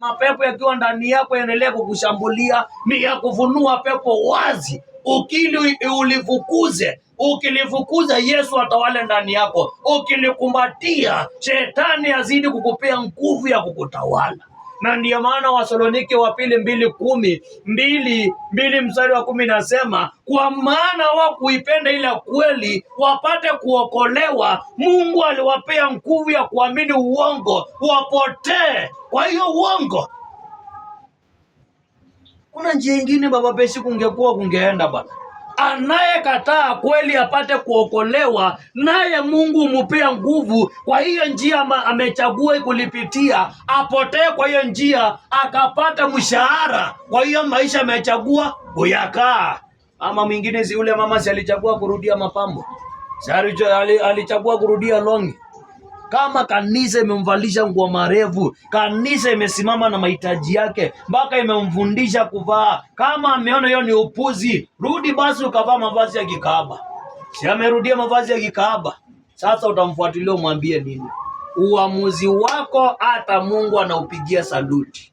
mapepo yakiwa ndani yako yaendelea kukushambulia, ni ya kuvunua pepo wazi, ukili ulifukuze. Ukilifukuza, Yesu atawale ndani yako. Ukilikumbatia, shetani azidi kukupea nguvu ya kukutawala na ndiyo maana Wasalonike wa pili mbili kumi mbili mbili mstari wa kumi nasema kwa maana wa kuipenda ile kweli wapate kuokolewa, Mungu aliwapea nguvu ya kuamini uongo wapotee. Kwa hiyo uongo, kuna njia ingine Baba Pesi kungekuwa kungeenda bwana anayekataa kweli apate kuokolewa, naye Mungu mupea nguvu. Kwa hiyo njia amechagua kulipitia, apotee kwa hiyo njia, akapata mshahara. Kwa hiyo maisha amechagua kuyakaa. Ama mwingine si yule mama si alichagua kurudia mapambo, si alichagua kurudia longi kama kanisa imemvalisha nguo marefu, kanisa imesimama na mahitaji yake, mpaka imemfundisha kuvaa. Kama ameona hiyo ni upuzi, rudi basi ukavaa mavazi ya kikaaba. Si amerudia mavazi ya kikaaba? Sasa utamfuatilia umwambie nini? Uamuzi wako hata Mungu anaupigia saluti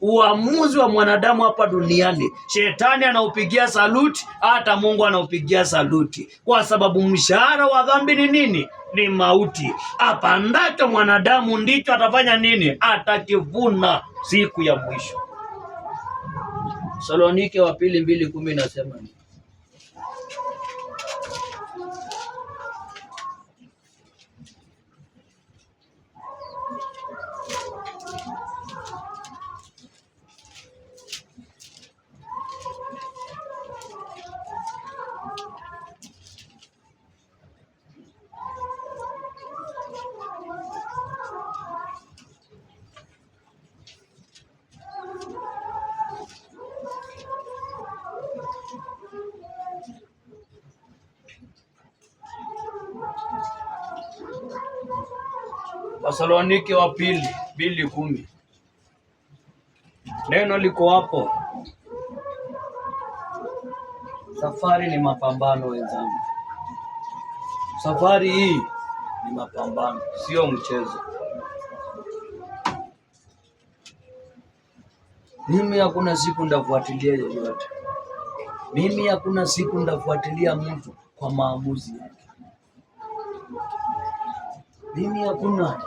uamuzi wa mwanadamu hapa duniani. Shetani anaupigia saluti, hata Mungu anaupigia saluti, kwa sababu mshahara wa dhambi ni nini? Ni mauti. Apandacho mwanadamu ndicho atafanya nini? Atakivuna siku ya mwisho. Saloniki wa pili mbili kumi nasema Wasalonike wa pili mbili kumi. Neno liko hapo. Safari ni mapambano wenzangu, safari hii ni mapambano, sio mchezo. Mimi hakuna siku ndafuatilia yeyote, mimi hakuna siku ndafuatilia mtu kwa maamuzi yake. Mimi hakuna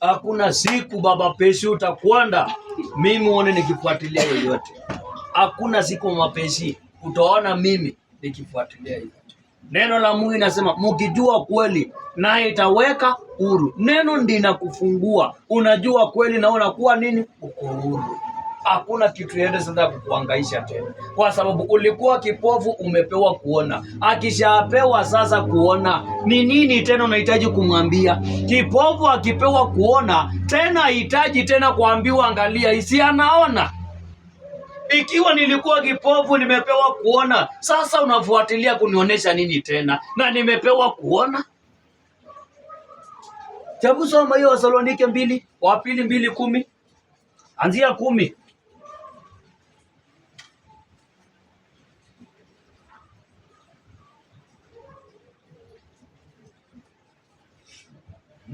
hakuna siku baba pesi utakwanda, mimi uone nikifuatilia yoyote. Hakuna siku mapesi utaona mimi nikifuatilia yoyote. Neno la Mungu inasema mkijua kweli, naye itaweka huru. Neno ndina kufungua, unajua kweli na unakuwa nini, uko huru hakuna kitu yote sasa kukuangaisha tena, kwa sababu ulikuwa kipofu, umepewa kuona. Akishapewa sasa kuona, ni nini tena unahitaji kumwambia? Kipofu akipewa kuona tena, hitaji tena kuambiwa angalia, isi anaona. Ikiwa nilikuwa kipofu nimepewa kuona, sasa unafuatilia kunionyesha nini tena, na nimepewa kuona Hebu soma hiyo Wasalonike mbili wa pili mbili kumi anzia kumi.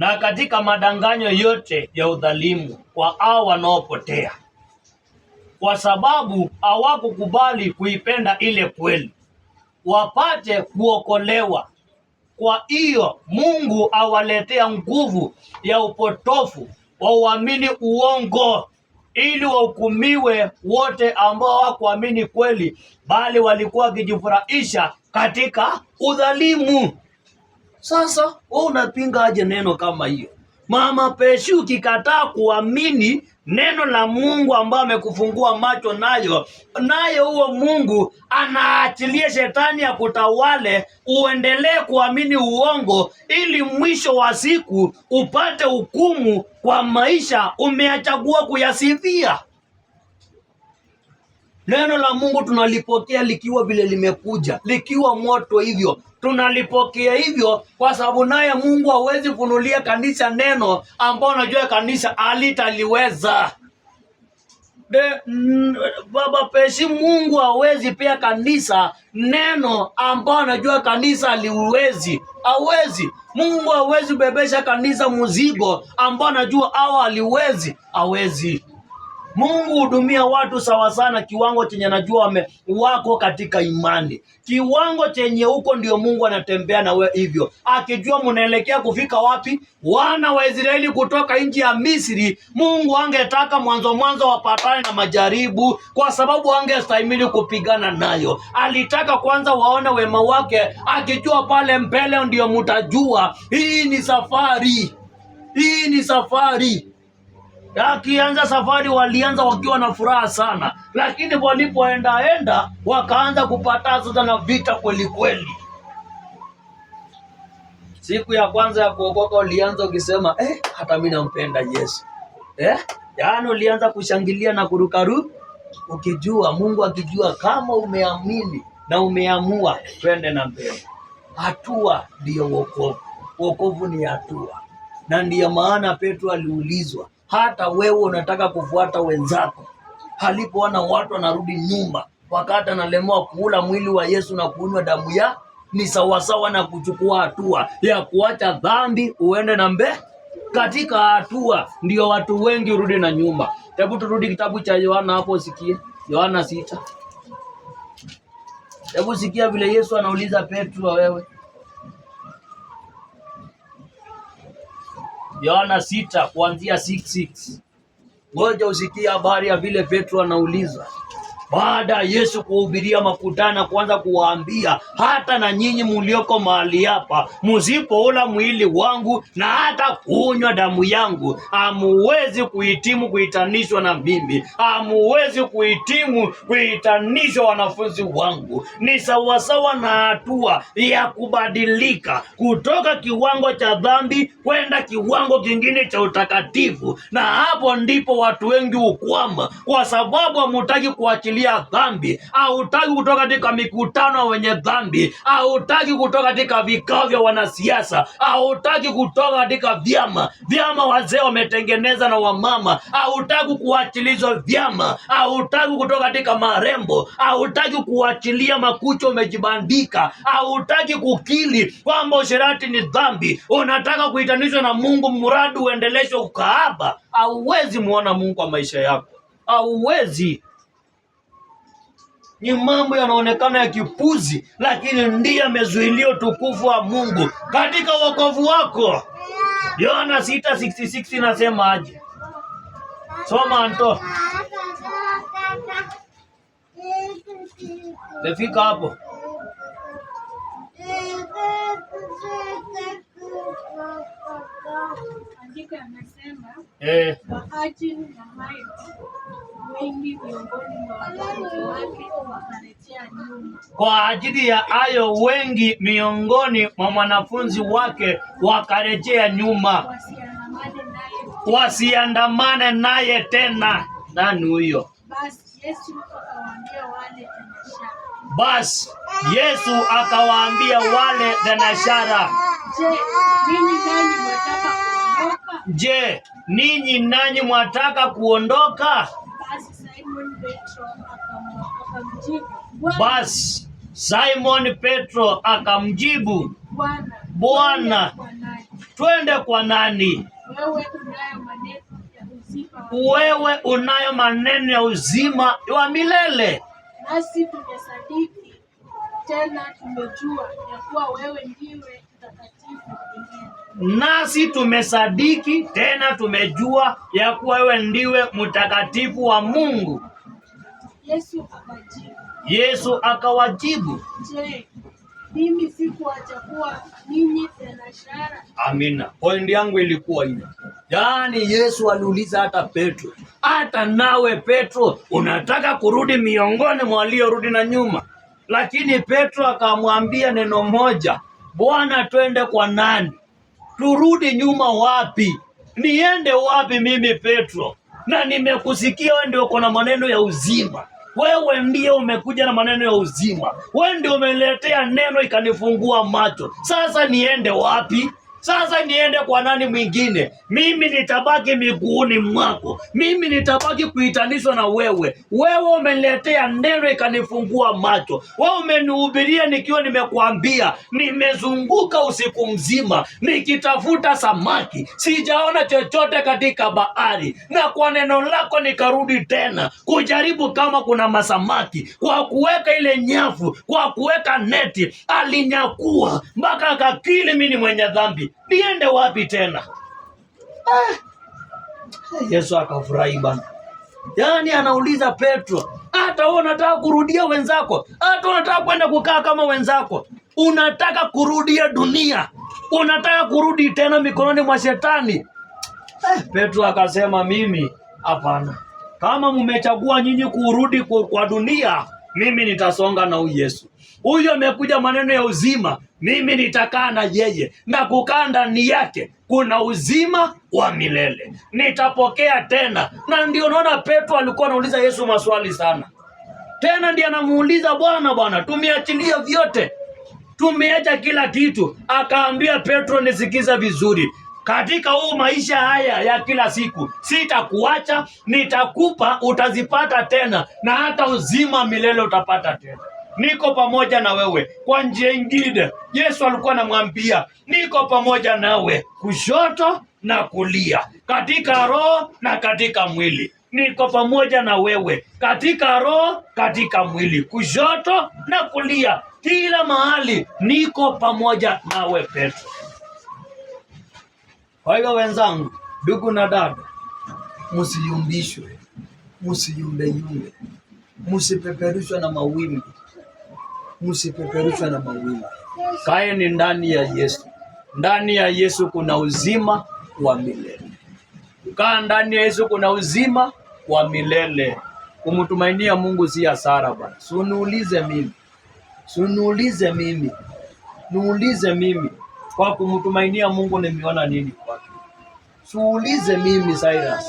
na katika madanganyo yote ya udhalimu kwa hao wanaopotea, kwa sababu hawakukubali kuipenda ile kweli wapate kuokolewa. Kwa hiyo Mungu awaletea nguvu ya upotofu wa uamini uongo, ili wahukumiwe wote ambao hawakuamini kweli, bali walikuwa wakijifurahisha katika udhalimu. Sasa wewe unapinga aje neno kama hiyo? Mama Peshu, ukikataa kuamini neno la Mungu ambayo amekufungua macho nayo nayo, huo Mungu anaachilia shetani ya kutawale, uendelee kuamini uongo, ili mwisho wa siku upate hukumu kwa maisha umeachagua kuyasifia. Neno la Mungu tunalipokea likiwa vile limekuja, likiwa moto hivyo tunalipokea hivyo, kwa sababu naye Mungu hawezi kunulia kanisa neno ambao anajua kanisa alitaliweza De, n, baba pesi Mungu hawezi pia kanisa neno ambao anajua kanisa aliwezi, hawezi. Mungu hawezi bebesha kanisa mzigo ambao anajua au aliwezi, hawezi. Mungu hudumia watu sawa sana, kiwango chenye najua wame wako katika imani, kiwango chenye huko ndio Mungu anatembea na wewe hivyo akijua mnaelekea kufika wapi. Wana wa Israeli kutoka nchi ya Misri, Mungu angetaka mwanzo mwanzo wapatane na majaribu, kwa sababu angestahimili kupigana nayo. Alitaka kwanza waone wema wake, akijua pale mbele ndio mtajua hii ni safari, hii ni safari Akianza safari walianza wakiwa na furaha sana, lakini walipoendaenda wakaanza kupata sasa na vita kweli kweli. Siku ya kwanza ya kuokoka ulianza ukisema eh, hata mimi nampenda Yesu eh? Yaani ulianza kushangilia na kurukaru, ukijua Mungu akijua kama umeamini na umeamua twende na mbele. Hatua ndiyo wokovu, wokovu ni hatua, na ndiyo maana Petro aliulizwa hata wewe unataka kufuata wenzako. Halipo watu wanarudi nyumba, wakati analemewa kuula mwili wa Yesu na kunywa damu ya ni sawasawa na kuchukua hatua ya kuacha dhambi uende na mbe katika hatua, ndio watu wengi urudi na nyumba. Hebu turudi kitabu cha Yohana hapo, sikie Yohana sita. Hebu sikia vile Yesu anauliza Petro, wewe Yohana sita kuanzia 66. Ngoja usikie habari ya vile Petro anauliza baada ya Yesu kuhubiria makutana kuanza kuwaambia hata na nyinyi mulioko mahali hapa, msipoula mwili wangu na hata kunywa damu yangu, hamuwezi kuhitimu kuhitanishwa na mimi, hamuwezi kuhitimu kuhitanishwa wanafunzi wangu. Ni sawasawa na hatua ya kubadilika kutoka kiwango cha dhambi kwenda kiwango kingine cha utakatifu, na hapo ndipo watu wengi hukwama, kwa sababu hamutaki kuachilia ya dhambi, hautaki kutoka katika mikutano wenye dhambi, hautaki kutoka katika vikao vya wanasiasa, hautaki kutoka katika vyama vyama wazee wametengeneza na wamama, hautaki kuachilizwa vyama, hautaki kutoka katika marembo, hautaki kuachilia makucha umejibandika, hautaki kukili kwamba usherati ni dhambi, unataka kuitanishwa na Mungu, mradi uendeleshwe ukahaba. Hauwezi muona Mungu kwa maisha yako, hauwezi ni mambo yanaonekana ya kipuzi, lakini ndiye amezuilia utukufu wa Mungu katika wokovu wako. Yohana 6:66 inasema aje? Soma Anto, mefika hapo? Eh wengi miongoni mwa wanafunzi wake wakarejea nyuma. Kwa ajili ya hayo wengi miongoni mwa wanafunzi wake wakarejea nyuma, wasiandamane naye tena. Nani huyo? Basi Yesu akawaambia wale thenashara, je, ninyi nanyi mwataka kuondoka? Basi Simon Petro akamjibu, Bwana, twende kwa nani? Wewe unayo maneno ya uzima wa milele, nasi tumesadiki tena tumejua ya kuwa wewe ndiwe mtakatifu nasi tumesadiki tena tumejua ya kuwa wewe ndiwe mtakatifu wa Mungu. Yesu akawajibu, Yesu akawajibu, Je, mimi sikuacha kuwa ninyi ishara? Amina. Pointi yangu ilikuwa hiyo, yaani Yesu aliuliza hata Petro, hata nawe Petro unataka kurudi miongoni mwa waliorudi na nyuma? Lakini Petro akamwambia neno moja, Bwana, twende kwa nani? turudi nyuma wapi? Niende wapi mimi Petro? Na nimekusikia wewe ndio uko na maneno ya uzima, wewe ndio umekuja na maneno ya uzima, wewe ndio umeletea neno ikanifungua macho. Sasa niende wapi? Sasa niende kwa nani mwingine? Mimi nitabaki miguuni mwako, mimi nitabaki kuitanishwa na wewe. Wewe umeniletea neno ikanifungua macho, wewe umenihubiria nikiwa nimekuambia, nimezunguka usiku mzima nikitafuta samaki, sijaona chochote katika bahari, na kwa neno lako nikarudi tena kujaribu kama kuna masamaki, kwa kuweka ile nyavu, kwa kuweka neti, alinyakua mpaka akakili mimi ni mwenye dhambi niende wapi tena? Ah, Yesu akafurahi bana. Yaani anauliza Petro, hata wewe unataka kurudia wenzako, hata unataka kwenda kukaa kama wenzako, unataka kurudia dunia, unataka kurudi tena mikononi mwa shetani? Eh, Petro akasema mimi hapana, kama mmechagua nyinyi kurudi kwa dunia mimi nitasonga na huyu Yesu. Huyo amekuja maneno ya uzima, mimi nitakaa na yeye na kukaa ndani yake kuna uzima wa milele, nitapokea tena. Na ndio unaona Petro alikuwa anauliza Yesu maswali sana, tena ndiye anamuuliza Bwana, Bwana, tumeachilia vyote, tumeacha kila kitu. Akaambia Petro, nisikiza vizuri, katika huu maisha haya ya kila siku, sitakuacha, nitakupa, utazipata tena, na hata uzima milele utapata tena. Niko pamoja na wewe. Kwa njia ingine, Yesu alikuwa anamwambia niko pamoja nawe kushoto na kulia, katika roho na katika mwili. Niko pamoja na wewe katika roho, katika mwili, kushoto na kulia, kila mahali niko pamoja nawe Petro. Kwa hivyo wenzangu, ndugu na dada, msiyumbishwe, msiyumbeyumbe, msipeperushwe na mawimbi, msipeperushwe na mawimbi. Kaeni ndani ya Yesu. Ndani ya Yesu kuna uzima wa milele. Kaa ndani ya Yesu kuna uzima wa milele. Kumtumainia Mungu si hasara bwana. Suniulize mimi, suniulize mimi, niulize mimi, kwa kumtumainia Mungu nimeona nini? tuulize mimi Cyrus,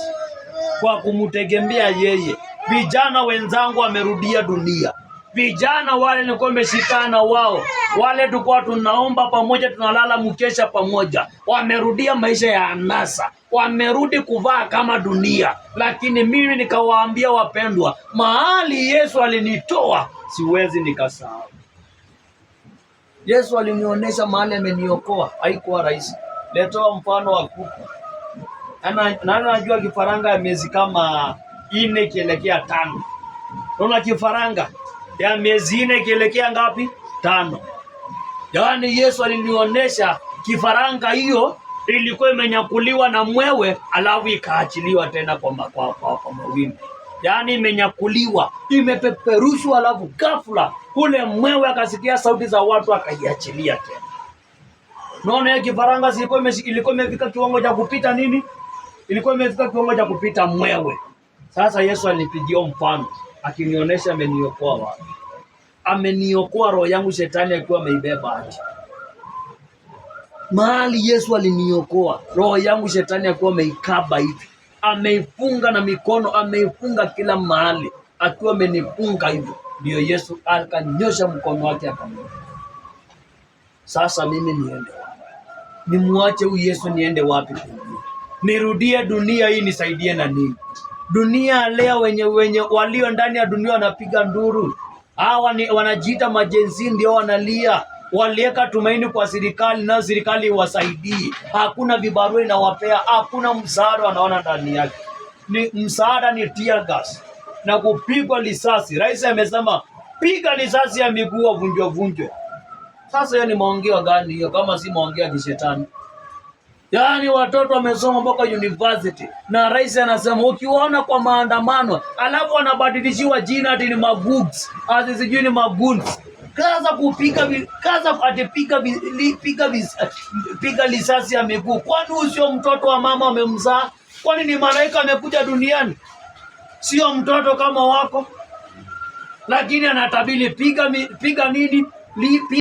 kwa kumtegemea yeye. Vijana wenzangu wamerudia dunia, vijana wale nilikuwa nimeshikana wao, wale tulikuwa tunaomba pamoja, tunalala mkesha pamoja, wamerudia maisha ya anasa, wamerudi kuvaa kama dunia. Lakini mimi nikawaambia, wapendwa, mahali Yesu alinitoa siwezi nikasahau. Yesu alinionyesha mahali ameniokoa, haikuwa rahisi. Letoa mfano wa kuku na najua kifaranga ya miezi kama ine kielekea tano. Unaona kifaranga ya miezi ine kielekea ngapi? Tano. Yaani Yesu alinionyesha kifaranga hiyo ilikuwa imenyakuliwa na mwewe, alafu ikaachiliwa tena kwa, kwa, kwa, kwa mawimbi. Yaani imenyakuliwa imepeperushwa, alafu ghafla kule mwewe akasikia sauti za watu akaiachilia tena. Naona hiyo kifaranga ilikuwa imefika kiwango cha kupita nini ilikuwa imefika kiwango cha kupita mwewe. Sasa Yesu alipigia mfano akinionyesha ameniokoa wapi. Ameniokoa roho yangu shetani akiwa ameibeba ati mahali Yesu aliniokoa roho yangu shetani akiwa ameikaba hivi, ameifunga na mikono, ameifunga kila mahali, akiwa amenifunga hivyo, ndio Yesu akanyosha mkono wake akani. Sasa mimi niende wapi? Nimwache huyu Yesu niende wapi? nirudie dunia hii nisaidie na nini? Dunia leo wenye, wenye walio ndani ya dunia wanapiga nduru, hawa wanajiita majenzi, ndio wanalia waliweka tumaini kwa serikali na serikali iwasaidii. Hakuna vibarua inawapea, hakuna msaada wanaona ndani yake ni msaada ni tear gas na kupigwa risasi. Rais amesema piga risasi ya miguu vunjwe vunjwe. Sasa hiyo ni maongeo gani hiyo, kama si maongeo ya kishetani? Yaani watoto wamesoma mpaka university na rais anasema ukiwaona kwa maandamano, alafu anabadilishiwa jina ati ni magoods ati sijui ni magoods Kaza kupiga kaza atipiga piga piga lisasi ya miguu. Kwani sio mtoto wa mama amemzaa? Kwani ni malaika amekuja duniani? Sio mtoto kama wako, lakini anatabili piga piga nini